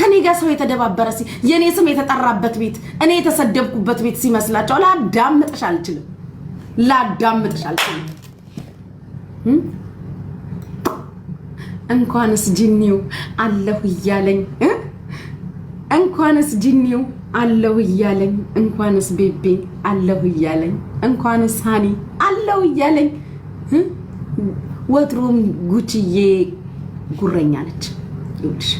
ከኔ ጋር ሰው የተደባበረ ሲ የእኔ ስም የተጠራበት ቤት እኔ የተሰደብኩበት ቤት ሲመስላቸው ላዳምጥሽ አልችልም፣ ላዳምጥሽ አልችልም። እንኳንስ ጅኒው አለሁ እያለኝ እንኳንስ ጅኒው አለሁ እያለኝ እንኳንስ ቤቤ አለሁ እያለኝ እንኳንስ ሀኒ አለሁ እያለኝ ወትሮም ጉችዬ ጉረኛ ነች ይኸውልሽ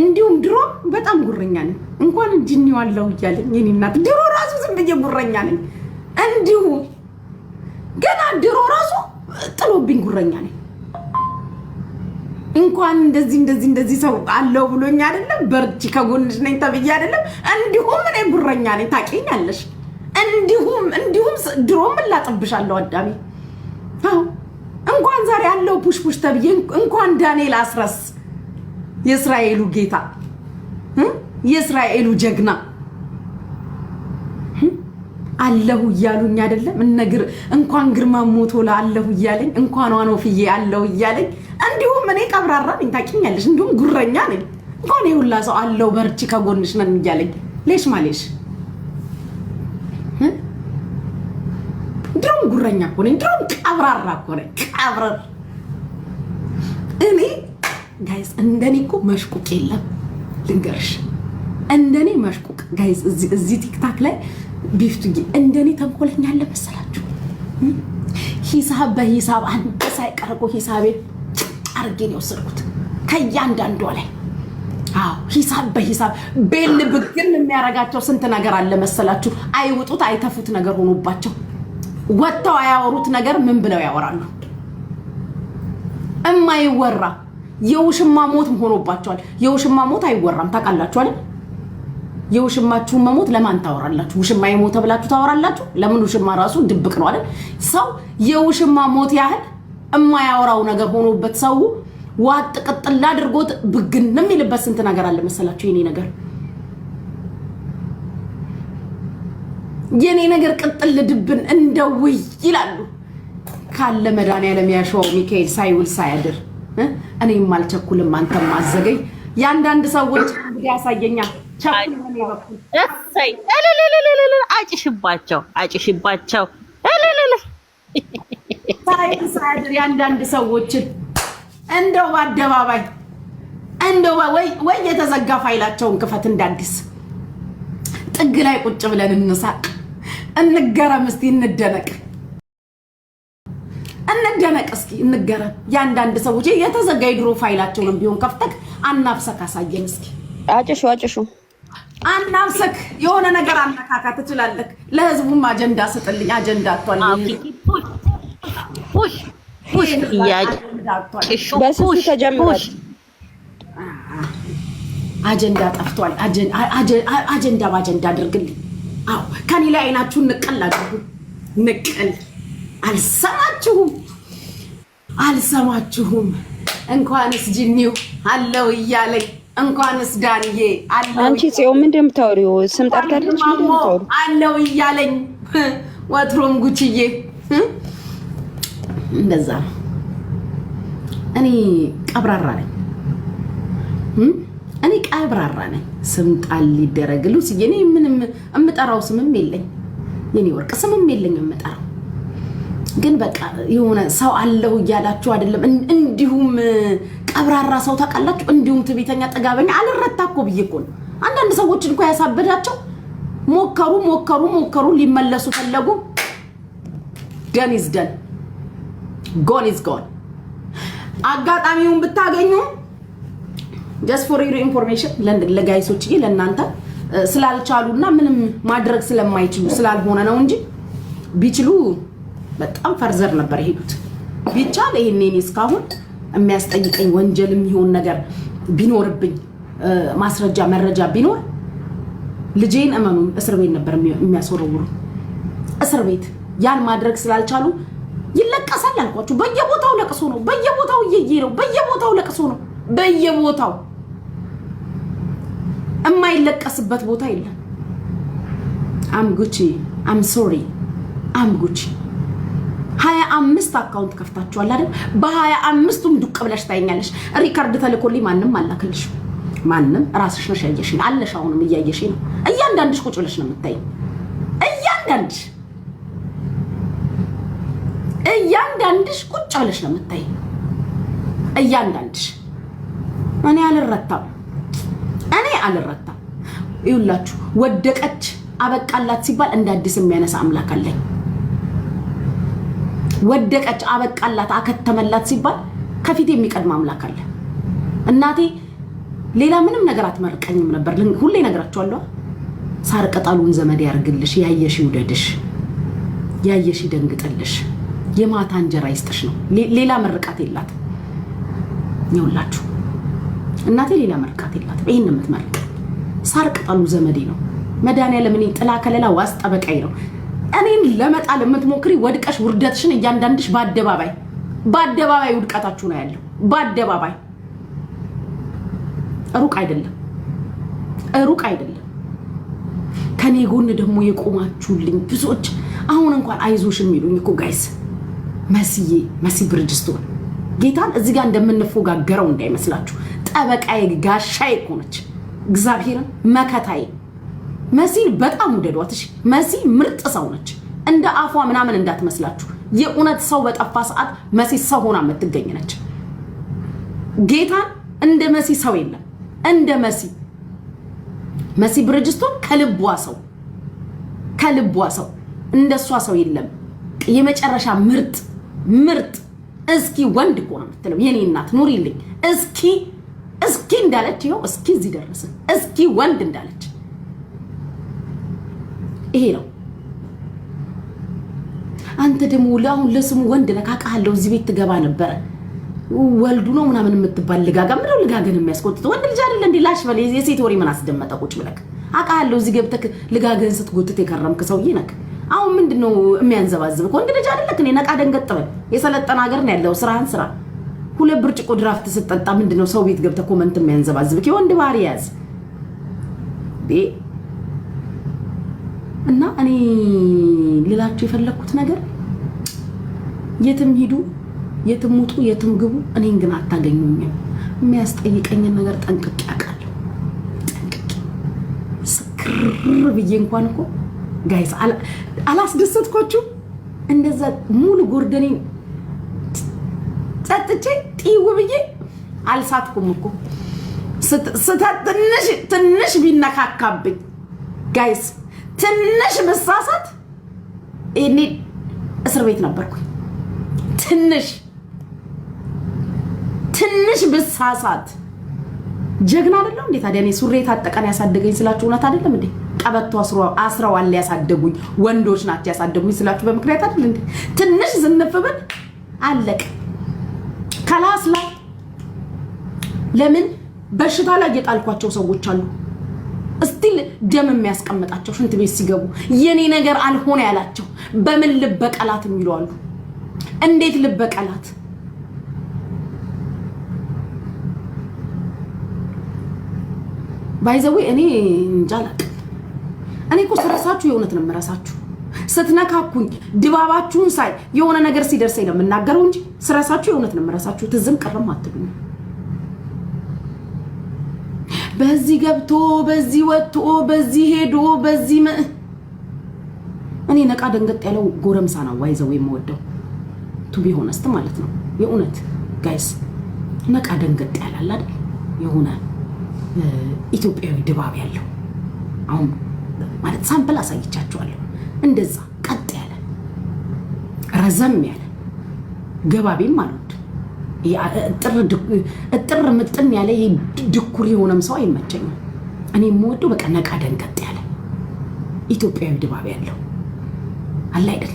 እንዲሁም ድሮ በጣም ጉረኛ ነኝ። እንኳን እንዲኒው አለው እያለኝ የኔ እናት ድሮ ራሱ ዝም ብዬ ጉረኛ ነኝ። እንዲሁ ገና ድሮ ራሱ ጥሎብኝ ጉረኛ ነኝ። እንኳን እንደዚህ እንደዚህ እንደዚህ ሰው አለው ብሎኝ አይደለም በርቺ ከጎንሽ ነኝ ተብዬ አይደለም። እንዲሁም እኔ ጉረኛ ነኝ ታውቂኛለሽ። እንዲሁም እንዲሁም ድሮም እላጥብሻለሁ አዳሜ። እንኳን ዛሬ አለው ፑሽፑሽ ተብዬ እንኳን ዳንኤል አስረስ የእስራኤሉ ጌታ የእስራኤሉ ጀግና አለሁ እያሉኝ አይደለም እነግር እንኳን ግርማ ሞቶላ አለሁ እያለኝ እንኳን ፍዬ አለሁ እያለኝ እንዲሁም እኔ ቀብራራ ነኝ ታውቂኛለሽ። እንዲሁም ጉረኛ ነኝ እንኳን የሁላ ሰው አለው በርቺ ከጎንሽ ነን እያለኝ ሌሽ ማሌሽ ድሮም ጉረኛ እኮ ነኝ፣ ድሮም ቀብራራ እኮ ነኝ። ቀብረር እኔ ጋይዝ እንደኔ እኮ መሽቁቅ የለም ልንገርሽ። እንደኔ መሽቁቅ ጋይዝ እዚህ ቲክታክ ላይ ቢፍቱ እንደኔ ተንኮለኛ አለ መሰላችሁ? ሂሳብ በሂሳብ አንድ ሳይቀር እኮ ሂሳቤ አርጌን የወሰድኩት ከእያንዳንዷ ላይ አዎ ሂሳብ በሂሳብ ቤል ብግን የሚያረጋቸው ስንት ነገር አለ መሰላችሁ? አይውጡት አይተፉት ነገር ሆኖባቸው ወጥተው አያወሩት ነገር ምን ብለው ያወራሉ? እማይወራ የውሽማ ሞት ሆኖባቸዋል። የውሽማ ሞት አይወራም ታውቃላችኋል። የውሽማችሁን መሞት ለማን ታወራላችሁ? ውሽማ የሞተ ብላችሁ ታወራላችሁ? ለምን ውሽማ ራሱ ድብቅ ነው አይደል? ሰው የውሽማ ሞት ያህል የማያወራው ነገር ሆኖበት ሰው ዋጥ ቅጥል አድርጎት ብግን የሚልበት ስንት ነገር አለ መሰላችሁ። የኔ ነገር የኔ ነገር ቅጥል ድብን እንደውይ ይላሉ ካለ መድኃኒዓለም ያሸዋው ሚካኤል ሳይውል ሳያድር እኔም አልቸኩልም፣ አንተም አዘገይ። የአንዳንድ ሰዎች ያሳየኛል። አጭሽባቸው አጭሽባቸው የአንዳንድ ሰዎችን እንደው በአደባባይ እንደው ወይ የተዘጋ ፋይላቸውን ክፈት እንዳዲስ ጥግ ላይ ቁጭ ብለን እንሳቅ፣ እንገረም፣ እስቲ እንደነቅ። እንደነቅ እስኪ እንገረም። የአንዳንድ ሰዎች የተዘጋ የድሮ ፋይላቸውን ቢሆን ከፍተክ አናብሰክ አሳየን እስኪ። አጭሹ አጭሹ አናብሰክ የሆነ ነገር አነካካ ትችላለክ። ለህዝቡም አጀንዳ ስጥልኝ። አጀንዳ አቷል አጀንዳ ጠፍቷል። አጀንዳ በአጀንዳ አድርግልኝ። አዎ ከኔ ላይ አይናችሁን ንቅል አድርጉ፣ ንቅል አልሰማችሁም አልሰማችሁም። እንኳንስ ጅኒው አለው እያለኝ እንኳንስ ዳንዬ አንቺ ጽዮን ምንድን ነው የምታወሪው? ስም ጠርታለች አለው እያለኝ ወትሮም ጉችዬ እንደዛ ነው። እኔ ቀብራራ ነኝ። እኔ ቀብራራ ነኝ። ስም ጣል ሊደረግ ሉሲ፣ እኔ ምንም የምጠራው ስምም የለኝ። የኔ ወርቅ ስምም የለኝ የምጠራው ግን በቃ የሆነ ሰው አለው እያላችሁ አይደለም። እንዲሁም ቀብራራ ሰው ታውቃላችሁ፣ እንዲሁም ትዕቢተኛ፣ ጥጋበኛ አልረታ እኮ ብዬ እኮ ነው። አንዳንድ ሰዎች እንኳ ያሳበዳቸው ሞከሩ ሞከሩ ሞከሩ፣ ሊመለሱ ፈለጉ። ደን ኢዝ ደን ጎን ኢዝ ጎን። አጋጣሚውን ብታገኙ ጀስት ፎር ዩር ኢንፎርሜሽን ለጋይሶችዬ ለእናንተ ስላልቻሉ እና ምንም ማድረግ ስለማይችሉ ስላልሆነ ነው እንጂ ቢችሉ በጣም ፈርዘር ነበር የሄዱት። ቢቻል ይሄኔ እኔ እስካሁን የሚያስጠይቀኝ ወንጀል የሚሆን ነገር ቢኖርብኝ ማስረጃ መረጃ ቢኖር ልጄን እመኑን እስር ቤት ነበር የሚያስወረውሩ። እስር ቤት ያን ማድረግ ስላልቻሉ ይለቀሳል አልኳችሁ። በየቦታው ለቅሶ ነው፣ በየቦታው እየዬ ነው፣ በየቦታው ለቅሶ ነው። በየቦታው የማይለቀስበት ቦታ የለም። አም ጉቺ አም ሶሪ አም ጉቺ ሀያ አምስት አካውንት ከፍታችኋል አይደል? በሀያ አምስቱም ዱቅ ብለሽ ታይኛለሽ። ሪከርድ ተልኮልኝ ማንም አላክልሽ። ማንም ራስሽ ነሽ ያየሽኝ አለሽ። አሁንም እያየሽ ነው። እያንዳንድሽ ቁጭ ብለሽ ነው የምታይ። እያንዳንድሽ እያንዳንድሽ ቁጭ ብለሽ ነው የምታይ። እያንዳንድሽ እኔ አልረታም፣ እኔ አልረታም። ይኸውላችሁ ወደቀች አበቃላት ሲባል እንደ አዲስ የሚያነሳ አምላክ አለኝ። ወደቀች፣ አበቃላት፣ አከተመላት ሲባል ከፊት የሚቀድም አምላክ አለ። እናቴ ሌላ ምንም ነገር አትመርቀኝም ነበር። ሁሌ እነግራቸዋለሁ። ሳር ቅጠሉን ዘመድ ያርግልሽ፣ ያየሽ ይውደድሽ፣ ያየሽ ይደንግጥልሽ፣ የማታ እንጀራ ይስጥሽ ነው። ሌላ መርቃት የላትም። ይውላችሁ እናቴ ሌላ መርቃት የላትም። ይህን የምትመርቅ ሳር ቅጠሉ ዘመዴ ነው። መድኃኒዓለም እኔን ጥላ ከለላ ዋስ ጠበቃዬ ነው። እኔን ለመጣል የምትሞክሪ ወድቀሽ ውርደትሽን እያንዳንድሽ በአደባባይ በአደባባይ ውድቀታችሁ ነው ያለው። በአደባባይ ሩቅ አይደለም፣ ሩቅ አይደለም። ከኔ ጎን ደግሞ የቆማችሁልኝ ብዙዎች አሁን እንኳን አይዞሽ የሚሉኝ እኮ ጋይስ መስዬ መሲ ብርጅስቶን ጌታን እዚህ ጋር እንደምንፎጋገረው እንዳይመስላችሁ። ጠበቃዬ ጋሻዬ እኮ ነች። እግዚአብሔርን መከታዬ መሲን በጣም ውደዷት። እሺ መሲ ምርጥ ሰው ነች። እንደ አፏ ምናምን እንዳትመስላችሁ። የእውነት ሰው በጠፋ ሰዓት መሲ ሰው ሆና የምትገኝ ነች። ጌታን እንደ መሲ ሰው የለም። እንደ መሲ መሲ ብርጅስቶን ከልቧ ሰው ከልቧ ሰው እንደሷ ሰው የለም። የመጨረሻ ምርጥ ምርጥ እስኪ ወንድ እኮ ነው የምትለው የኔ እናት ኑሪልኝ። እስኪ እስኪ እንዳለች ይኸው እስኪ እዚህ ደረስን። እስኪ ወንድ እንዳለች ይሄ ነው። አንተ ደግሞ አሁን ለስሙ ወንድ ነህ ካውቃለሁ። እዚህ ቤት ትገባ ነበረ ወልዱ ነው ምናምን የምትባል ልጋጋ ምነው ልጋገን የሚያስቆጥጥ ወንድ ልጅ አይደለ እንዴ? ላሽ በል የሴት ወሬ ምን አስደመጠ? ቁጭ ብለህ አውቃለሁ። እዚህ ገብተህ ልጋገን ስትጎትት የከረምክ ሰውዬ ነክ አሁን ምንድን ነው የሚያንዘባዝብህ? ወንድ ልጅ አይደለህ። እኔ ነቃ ደንገጥ በል። የሰለጠነ ሀገር ነው ያለው። ስራህን ስራ። ሁለት ብርጭቆ ድራፍት ስትጠጣ ምንድን ነው ሰው ቤት ገብተህ ኮመንት የሚያንዘባዝብህ? የወንድ ባህሪ ያዝ። እና እኔ ልላችሁ የፈለግኩት ነገር የትም ሂዱ፣ የትም ውጡ፣ የትም ግቡ፣ እኔን ግን አታገኙኝም። የሚያስጠይቀኝን ነገር ጠንቅቄ አውቃለሁ። ጠንቅቄ ስክር ብዬ እንኳን እኮ ጋይስ አላስደሰትኳችሁ። እንደዛ ሙሉ ጎርደኔ ጸጥቼ ጢው ብዬ አልሳትኩም እኮ ስተት ትንሽ ቢነካካብኝ ጋይስ ትንሽ መሳሳት ይሄኔ እስር ቤት ነበርኩኝ። ትንሽ ትንሽ መሳሳት ጀግና አይደለም እንዴ? ታዲያ እኔ ሱሪ የታጠቀን ያሳደገኝ ስላችሁ እውነት አይደለም እንዴ? ቀበቶ አስረው ያሳደጉኝ ወንዶች ናቸው ያሳደጉኝ ስላችሁ በምክንያት አይደል እንዴ? ትንሽ ዝንፍ ብል አለቅ ከላስ ላይ ለምን በሽታ ላይ የጣልኳቸው ሰዎች አሉ። እስቲል ደም የሚያስቀምጣቸው ሽንት ቤት ሲገቡ የኔ ነገር አልሆነ ያላቸው በምን ልበቀላት የሚሉ አሉ። እንዴት ልበቀላት? ባይዘዌ እኔ እንጃ አላውቅም። እኔ እኮ ስረሳችሁ የእውነት ነው የምረሳችሁ። ስትነካኩኝ ድባባችሁን ሳይ የሆነ ነገር ሲደርሰኝ ነው የምናገረው እንጂ ስረሳችሁ የእውነት ነው የምረሳችሁ። ትዝም ቅርም አትሉኝ። በዚህ ገብቶ በዚህ ወጥቶ በዚህ ሄዶ በዚህ እኔ ነቃ ደንገጥ ያለው ጎረምሳ ነው ዋይዘው የምወደው ቱ ቢ ሆነስት ማለት ነው። የእውነት ጋይስ ነቃ ደንገጥ ያላል አይደል? የሆነ ኢትዮጵያዊ ድባብ ያለው አሁን ማለት ሳምፕል አሳይቻችኋለሁ። እንደዛ ቀጥ ያለ ረዘም ያለ ገባቤም አልወድም እጥር ምጥን ያለ ድኩር የሆነም ሰው አይመቸኝም። እኔ የምወደው በቃ ነቃ ደንቀጥ ያለ ኢትዮጵያዊ ድባብ ያለው አለ አይደል?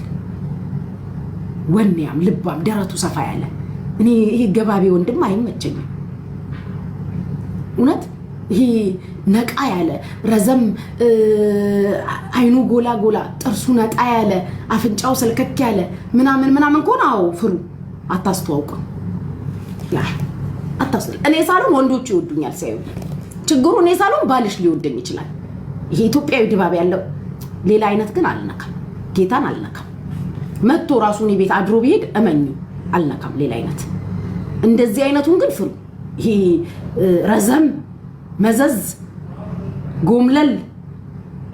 ወኔያም፣ ልባም፣ ደረቱ ሰፋ ያለ እኔ ይሄ ገባቢ ወንድም አይመቸኝም። እውነት ይሄ ነቃ ያለ ረዘም አይኑ ጎላ ጎላ ጥርሱ ነጣ ያለ አፍንጫው ሰልከክ ያለ ምናምን ምናምን ከሆነ አዎ ፍሩ አታስተዋውቅም። አታስል። እኔ ሳልሆን ወንዶቹ ይወዱኛል ሲያዩ። ችግሩ እኔ ሳልሆን ባልሽ ሊወደኝ ይችላል። ይሄ ኢትዮጵያዊ ድባብ ያለው ሌላ አይነት ግን አልነካም። ጌታን አልነካም። መጥቶ ራሱን ቤት አድሮ ቢሄድ እመኝ አልነካም። ሌላ አይነት እንደዚህ አይነቱን ግን ፍሩ። ይሄ ረዘም መዘዝ ጎምለል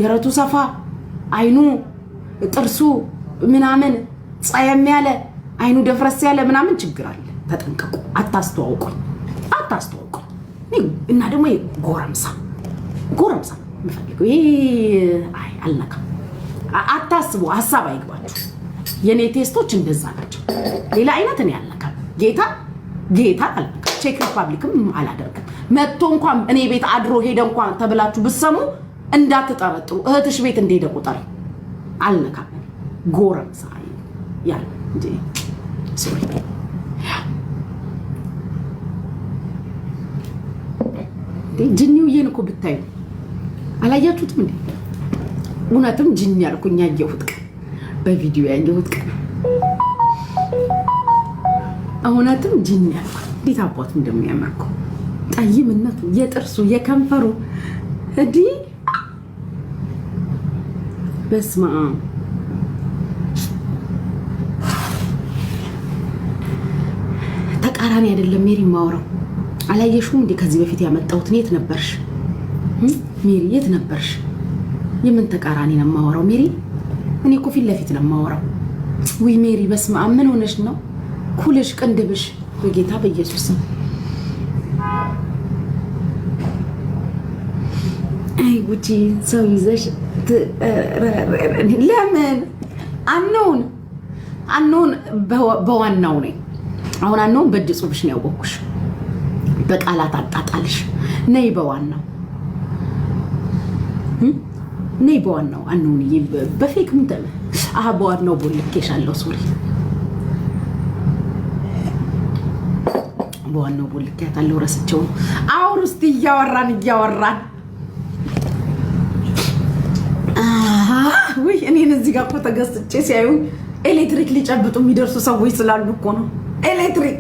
ደረቱ ሰፋ አይኑ ጥርሱ ምናምን ፀየም ያለ አይኑ ደፍረስ ያለ ምናምን ችግር አለ። ተጠንቀቁ። አታስተዋውቁኝ አታስተዋውቁኝ። እና ደግሞ ጎረምሳ ጎረምሳ የምፈልገው ይሄ አልነካ። አታስቡ፣ ሀሳብ አይግባችሁ። የእኔ ቴስቶች እንደዛ ናቸው። ሌላ አይነት እኔ አልነካም። ጌታ ጌታ አልነካ። ቼክ ሪፐብሊክም አላደርግም። መጥቶ እንኳን እኔ ቤት አድሮ ሄደ እንኳን ተብላችሁ ብሰሙ እንዳትጠረጥሩ። እህትሽ ቤት እንደሄደ ቁጠር አልነካም። ጎረምሳ ያ ያለ ሶሪ ጅኒውዬን እኮ ብታዩ አላያችሁትም እንዴ? እውነትም ጅኒ ያልኩኝ ያየሁት ቀን በቪዲዮ ያየሁት ቀን እውነትም ጅኒ ያልኩ እንዴት አባቱ እንደሚያመርኩ ጠይምነቱ፣ የጥርሱ፣ የከንፈሩ እንዲህ በስማ ተቃራኒ አይደለም ሜሪ ማውራው አላየሽውም እንዴ? ከዚህ በፊት ያመጣሁት የት ነበርሽ ሜሪ? የት ነበርሽ? የምን ተቃራኒ ነው የማወራው ሜሪ? እኔ እኮ ፊት ለፊት ነው የማወራው። ውይ ሜሪ፣ በስመ አብ ምን ሆነሽ ነው? ኩልሽ፣ ቅንድብሽ፣ በጌታ በኢየሱስ ስም አይ ጉቺ፣ ሰው ይዘሽ ለምን አነውን አነውን በዋናው ነኝ አሁን አነውን በእጅ ጽሑፍሽ ነው ያወቅኩሽ በቃላት አጣጣልሽ ነይ በዋናው ነይ በዋናው አነውንዬ በፌክ ምን ተለ አሀ በዋናው ቦልኬሻለሁ ሶሪ በዋናው ቦልኬያታለሁ ረስቸው አሁን ውስጥ እያወራን እያወራን ውይ እኔን እዚህ ጋር እኮ ተገስቼ ሲያዩ ኤሌክትሪክ ሊጨብጡ የሚደርሱ ሰዎች ስላሉ እኮ ነው ኤሌክትሪክ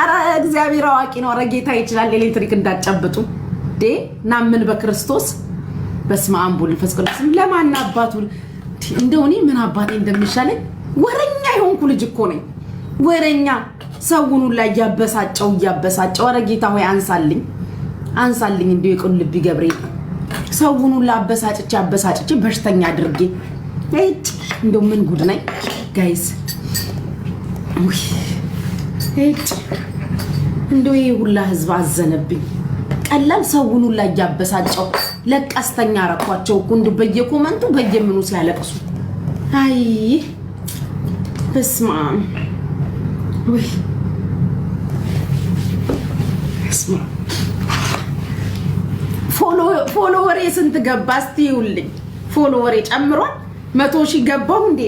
ኧረ እግዚአብሔር አዋቂ ነው። ኧረ ጌታ ይችላል። ኤሌክትሪክ እንዳጨብጡ ዴ ናምን በክርስቶስ በስመ አብ ወወልድ ወመንፈስ ቅዱስ ለማን አባቱ እንደው እኔ ምን አባቴ እንደሚሻለኝ ወረኛ የሆንኩ ልጅ እኮ ነኝ። ወረኛ ሰውኑ ላይ እያበሳጨው እያበሳጨው። ኧረ ጌታ ሆይ አንሳልኝ፣ አንሳልኝ እንደው የቅን ልብ ገብርኤል ሰውኑ ላይ አበሳጭቼ አበሳጭቼ በሽተኛ አድርጌ እጭ እንደው ምን ጉድ ነኝ ጋይስ። እንደው ይሄ ሁላ ህዝብ አዘነብኝ። ቀላል ሰውን ሁላ እያበሳጨው ለቀስተኛ አረኳቸው እኮ እንደው በየኮመንቱ በየምኑ ሲያለቅሱ፣ አይ በስመ ወይ ፎሎወሬ ስንት ገባ? እስቲ ይኸውልኝ ፎሎወሬ ጨምሯል። መቶ ሺህ ገባው እንዴ?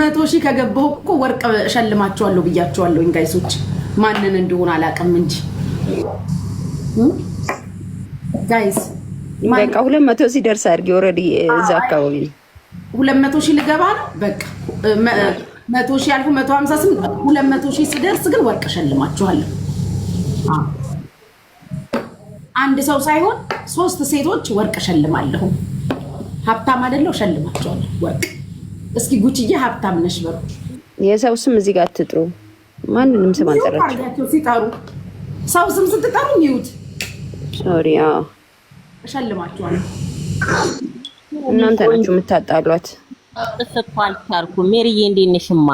መቶ ሺህ ከገባሁ እኮ ወርቅ እሸልማቸዋለሁ ብያቸዋለሁ። ጋይሶች ማንን እንደሆነ አላውቅም እንጂ ጋይስ በቃ ሁለት መቶ ሲደርስ አድርጌ ኦልሬዲ እዛ አካባቢ ሁለት መቶ ሺህ ልገባ ነው። በቃ መቶ ሺህ ያልኩ መቶ ሀምሳ ስምንት ሁለት መቶ ሺህ ሲደርስ ግን ወርቅ እሸልማችኋለሁ። አንድ ሰው ሳይሆን ሶስት ሴቶች ወርቅ እሸልማለሁ። ሀብታም አይደለሁ፣ እሸልማቸዋለሁ ወርቅ እስኪ ጉችዬ ሀብታም ነሽ በሩ። የሰው ስም እዚህ ጋር አትጥሩ። ማንንም ስም አንጠራቸው። ሲጠሩ ሰው ስም ስትጠሩ ሚዩት። ሶሪ እሸልማችኋለሁ። እናንተ ናችሁ የምታጣሏት። እኮ ሜሪዬ እንዴት ነሽማ?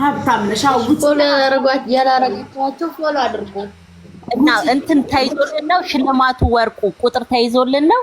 ሀብታም ነሽ። ፎሎ ፎሎ አድርጉ እና እንትን ተይዞልን ነው ሽልማቱ። ወርቁ ቁጥር ተይዞልን ነው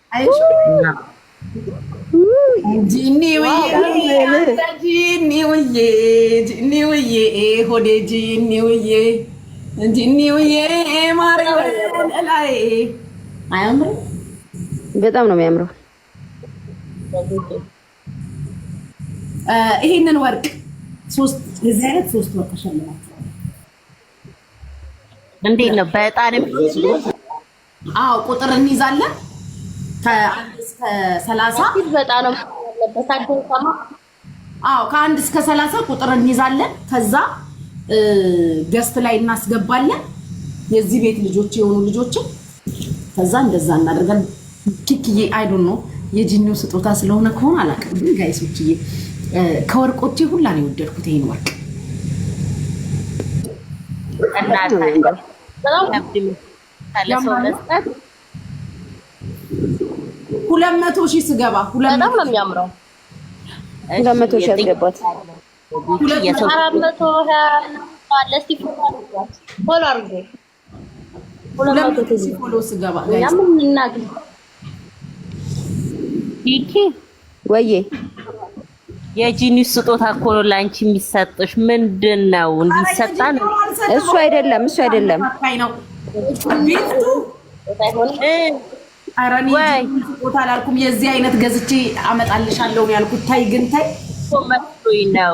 ጂኒውዬ ሆዴ ጂኒውዬ ጂኒውዬ ማርያም በጣም ነው የሚያምረው። ይሄንን ወርቅ ሶስት ሶስት ወርቅ ሸልማቸዋል። እንዴት ነው በጣም አዎ፣ ቁጥር እንይዛለን ከአንድ እስከ ሰላሳ እስከ ሰላሳ ቁጥር እንይዛለን። ከዛ ገስት ላይ እናስገባለን የዚህ ቤት ልጆች የሆኑ ልጆችን። ከዛ እንደዛ እናደርጋለን። ኪክዬ አይዶን ነው የጂኒው ስጦታ ስለሆነ ከሆነ አላውቅም፣ ግን ጋይሶችዬ ከወርቆቼ ሁላ ነው የወደድኩት ይሄን ወርቅ። እናታ ሁለት መቶ ሺህ ስገባ በጣም ነው የሚያምረው። ሁለት መቶ ሺህ ያስገባት አራት መቶ አለ። ፎሎ አድርጎ ሁለት የጂኒስ ስጦታ እኮ ነው ላንቺ የሚሰጥሽ። ምንድን ነው እንዲሰጣን? እሱ አይደለም እሱ አይደለም ኧረ እኔ ቦታ አላልኩም። የዚህ አይነት ገዝቼ አመጣልሻለሁ ነው ያልኩት። ታይ ግን ታይ ነው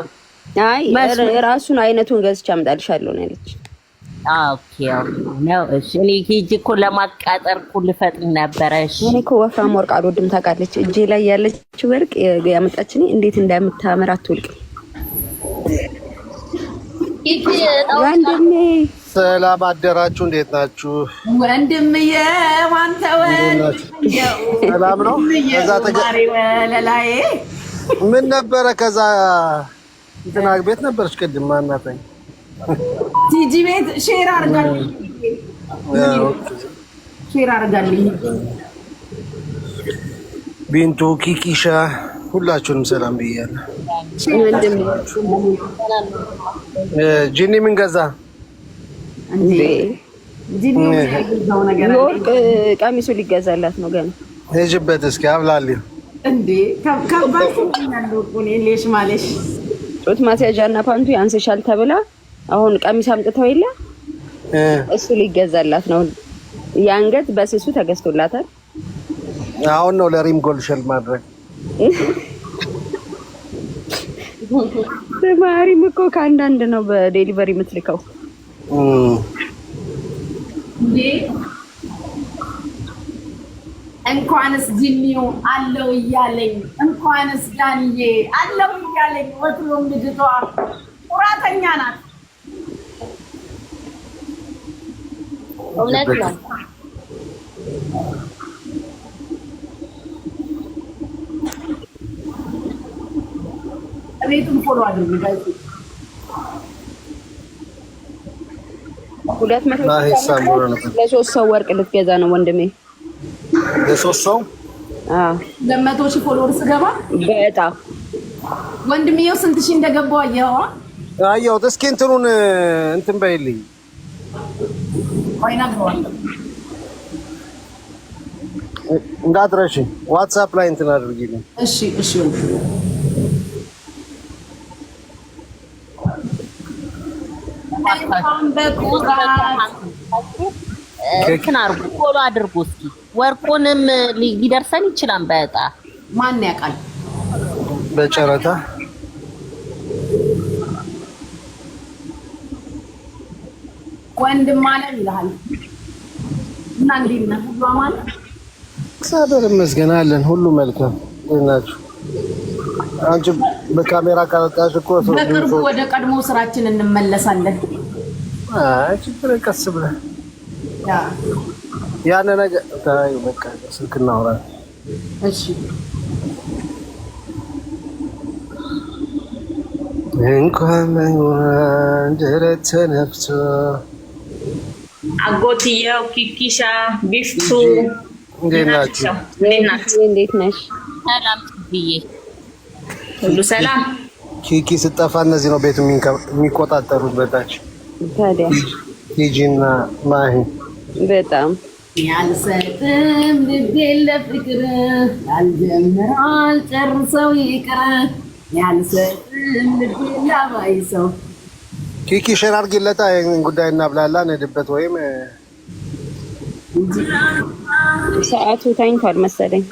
ራሱን አይነቱን ገዝቼ አመጣልሻለሁ ነው ያለች። እኔ ሂጂ እኮ ለማቃጠር እኮ ልፈጥን ነበረ። እኔ እኮ ወፍራም ወርቅ አልወድም ታውቃለች። እጄ ላይ ያለች ወርቅ ያመጣችን እንዴት እንደምታምር አትወልቅም። ሰላም አደራችሁ። እንዴት ናችሁ? ወንድምዬ ሰላም ነው። ምን ነበረ? ከዛ እንትና ቤት ነበረች ቅድም ማናተኝ ቲጂ ቤት ሼር አርጋልኝ፣ ሼር ኪኪሻ፣ ሁላችሁንም ሰላም ብያለሁ። ጂኒ ምን ገዛ የወርቅ ቀሚሱ ሊገዛላት ነው ገና። ሂጂበት እስኪ አብላልኝ ጡት ማስያዣ እና ፓንቱ ያንስሻል ተብላ አሁን ቀሚስ አምጥተው የለ እሱ ሊገዛላት ነው። የአንገት በስሱ ተገዝቶላታል። አሁን ነው ለሪም ጎልሸል ማድረግ ማሪም እኮ ከአንዳንድ ነው በዴሊቨሪ የምትልከው እንኳንስ ጅኒው አለው እያለኝ እንኳንስ ዳንዬ አለው እያለኝ ወትሮም ልጅቷ ቁራተኛ ናት። እውነት ነው። ቤቱም ፎሎ አድርጉ። ሁለት መቶ ለሶስት ሰው ወርቅ ልትገዛ ነው ወንድሜ። ለሶስት ሰው ለመቶ ሺህ ፎሎወር ስገባ በእጣ ወንድምየው ስንት ሺህ እንደገባው አየኸዋ? አየሁት። እስኪ እንትኑን እንትን በይልኝ እንዳትረሺ፣ ዋትሳፕ ላይ እንትን አድርጊልኝ። እሺ እሺ። እንትን አድርጉ ፎሎ አድርጉ። እስኪ ወርቁንም ሊደርሰን ይችላል። በእጣ ማን ያውቃል? በጨረታ ወንድም አለ ይልሃል እና እንዴት ነህ? ሁሉ አማን እግዚአብሔር ይመስገን አለን። ሁሉ መልካም ናችሁ። አንቺ በካሜራ ካልወጣሽ እኮ በቅርቡ ወደ ቀድሞ ስራችን እንመለሳለን። ችግር ቀስ ነገር በቃ ስልክ እናውራ። እሺ እንኳን ደረት ተነፍቶ አጎትየው ኪኪሻ ቢፍቱ እንዴት ናችሁ? እንዴት ነሽ? ሰላም ብዬ ሁሉ ሰላም። ኪኪ ስጠፋ እነዚህ ነው ቤት የሚቆጣጠሩት በታች ታዲያ ሂጂና ማሂ በጣም ያልሰጥም ልቤን ለፍቅር ላልጀምር አልጨርሰው ይቅር ያልሰጥም ልቤን ላባይሰው ኪኪ ሼር አድርጊለታ ይህን ጉዳይ እናብላላ እንሄድበት ወይም ሰዓቱ ታኝቷል መሰለኝ።